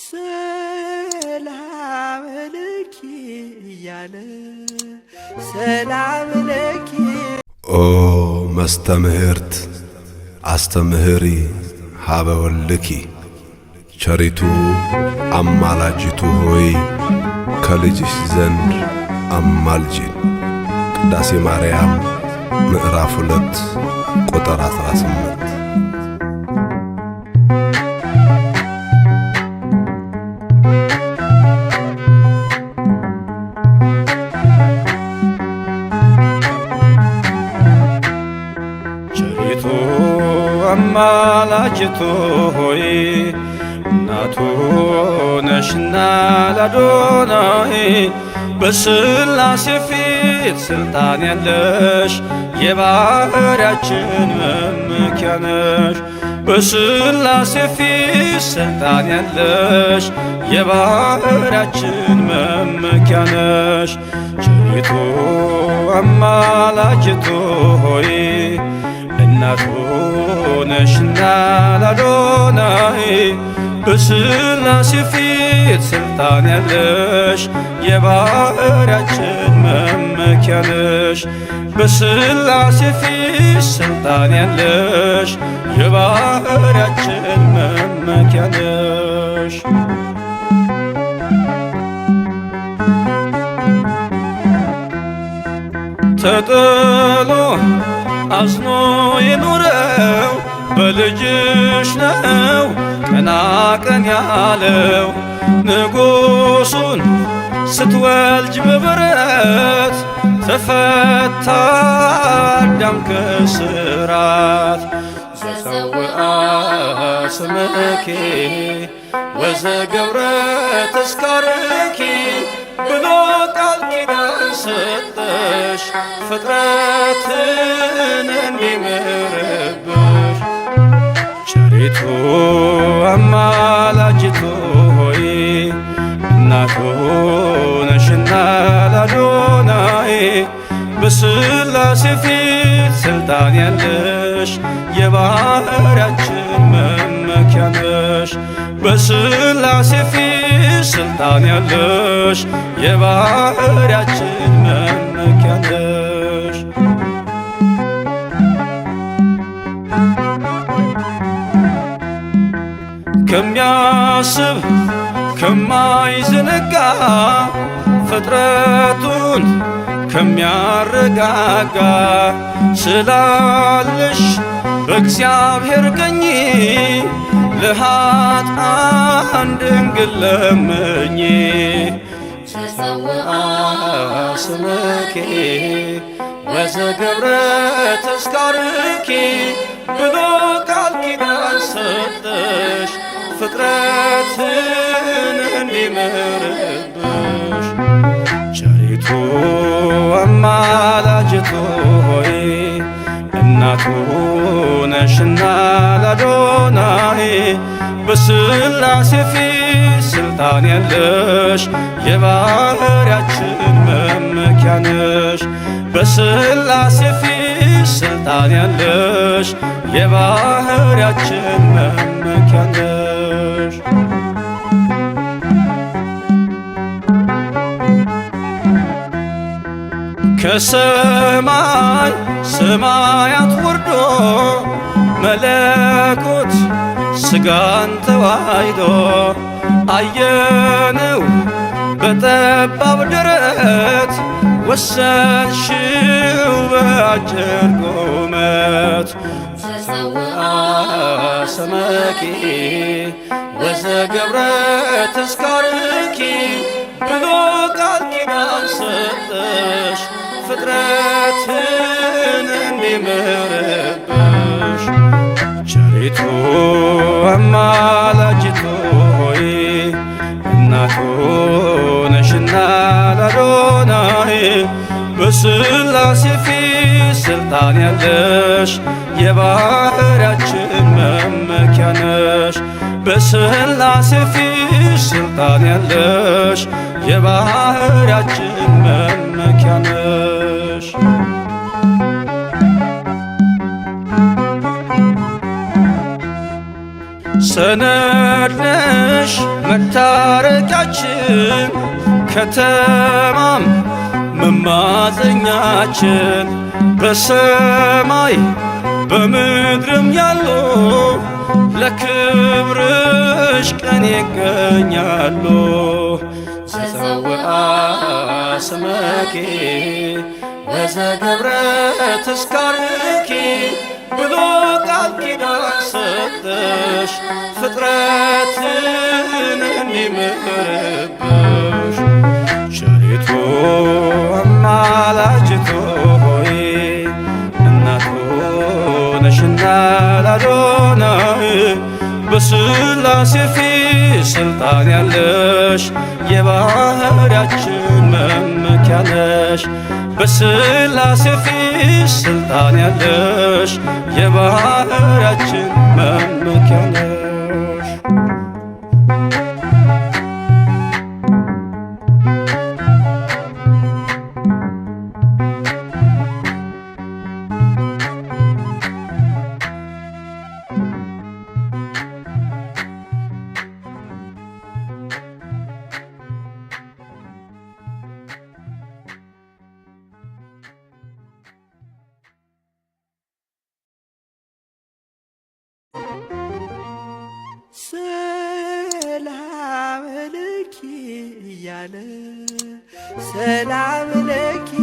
ሰላም ለኪ እያለ ሰላም ለኪ ኦ መስተምህርት አስተምህሪ ሀበወልኪ ቸሪቱ አማላጅቱ ሆይ ከልጅሽ ዘንድ አማልጅን። ቅዳሴ ማርያም ምዕራፍ ሁለት ቁጥር 18 አማላጅቱ ሆይ እናቱ ነሽና ላዶናዊ በስላሴ ፊት ስልጣን ያለሽ የባህሪያችን መመኪያ ነሽ። በስላሴ ፊት ስልጣን ያለሽ የባህሪያችን መመኪያ ነሽ። ቸሪቱ አማላጅቱ ሆይ እናቱ ነሽና ላዶናይ በስላሴ ፊት ስልጣን ያለሽ የባህርያችን መመኪያ ነሽ። በስላሴ ፊት ስልጣን ያለሽ የባህርያችን መመኪያ ነሽ። ተጥሎ አዝኖ የኖረው በልጅሽ ነው ቀናቀን ያለው ንጉሱን ስትወልጅ በበረት ተፈታ አዳም ከስራት ዘፀውአ ስምኪ ወዘገብረ ተስካርኪ የሰጠሽ ፍጥረትን እንዲምርብሽ ቸሪቱ አማላጅቱ ሆይ እናቱ ነሽና ላዶናይ በስላሴ ፊት ስልጣን ያለሽ የባህርያችን መመኪያ ነሽ በስላሴ ፊት ስልጣን ያለሽ የባህርያችን መመኪያ ነሽ። ከሚያስብ ከማይዘነጋ ፍጥረቱን ከሚያረጋጋ ስላለሽ በእግዚአብሔር ቀኝ ለኃጥአን ድንግል ለምኜ ተጸውዐ ስምኪ ወዘገብረ ተስካርኪ ብሎ ቃል ኪዳን ሰጠሽ ፍጥረትን እንዲምር የስላሴ ፊት ስልጣን ያለሽ የባህርያችን መመኪያ ነሽ። በስላሴ ፊት ስልጣን ያለሽ የባህርያችን መመኪያ ነሽ። ከሰማይ ሰማያት ወርዶ መለ ስጋን ተዋህዶ አየነው በጠባብ ደረት ወሰንሽው በአጭር ቁመት ሰመኪ ወዘገብረ ተስካርኪ ብሎ ቃል ኪዳን ሰጠሽ ፍጥረትን እንዲምርብሽ ፊቱ አማላጅቶ ሆይ እናቱ ነሽና ላዶናይ በስላሴ ፊት ስልጣን ያለሽ የባህርያችን መመኪያ ነሽ። በስላሴ ፊት ስልጣን ያለሽ የባህርያችን መመኪያ ነሽ። ሰነድ ነሽ መታረቂያችን ከተማም መማፀኛችን በሰማይ በምድርም ያሉ ለክብርሽ ቀን ይገኛሉ። ዘፀውአ ስመኪ ወዘገብረ ተስካርኪ ብሎ ቃል ኪዳን ሰጠሽ ፍጥረትን እንዲምርብሽ ቸሪቱ አማላጅቱ ሆይ እናቱ ነሽና ላዶናዊ በስላሴ ፊት ስልጣን ያለሽ የባህርያችን መመኪያ ነሽ በስላሴ ፊት ስልጣን ያለሽ የባህራችን መመኪያ ነሽ ሰላም ለኪ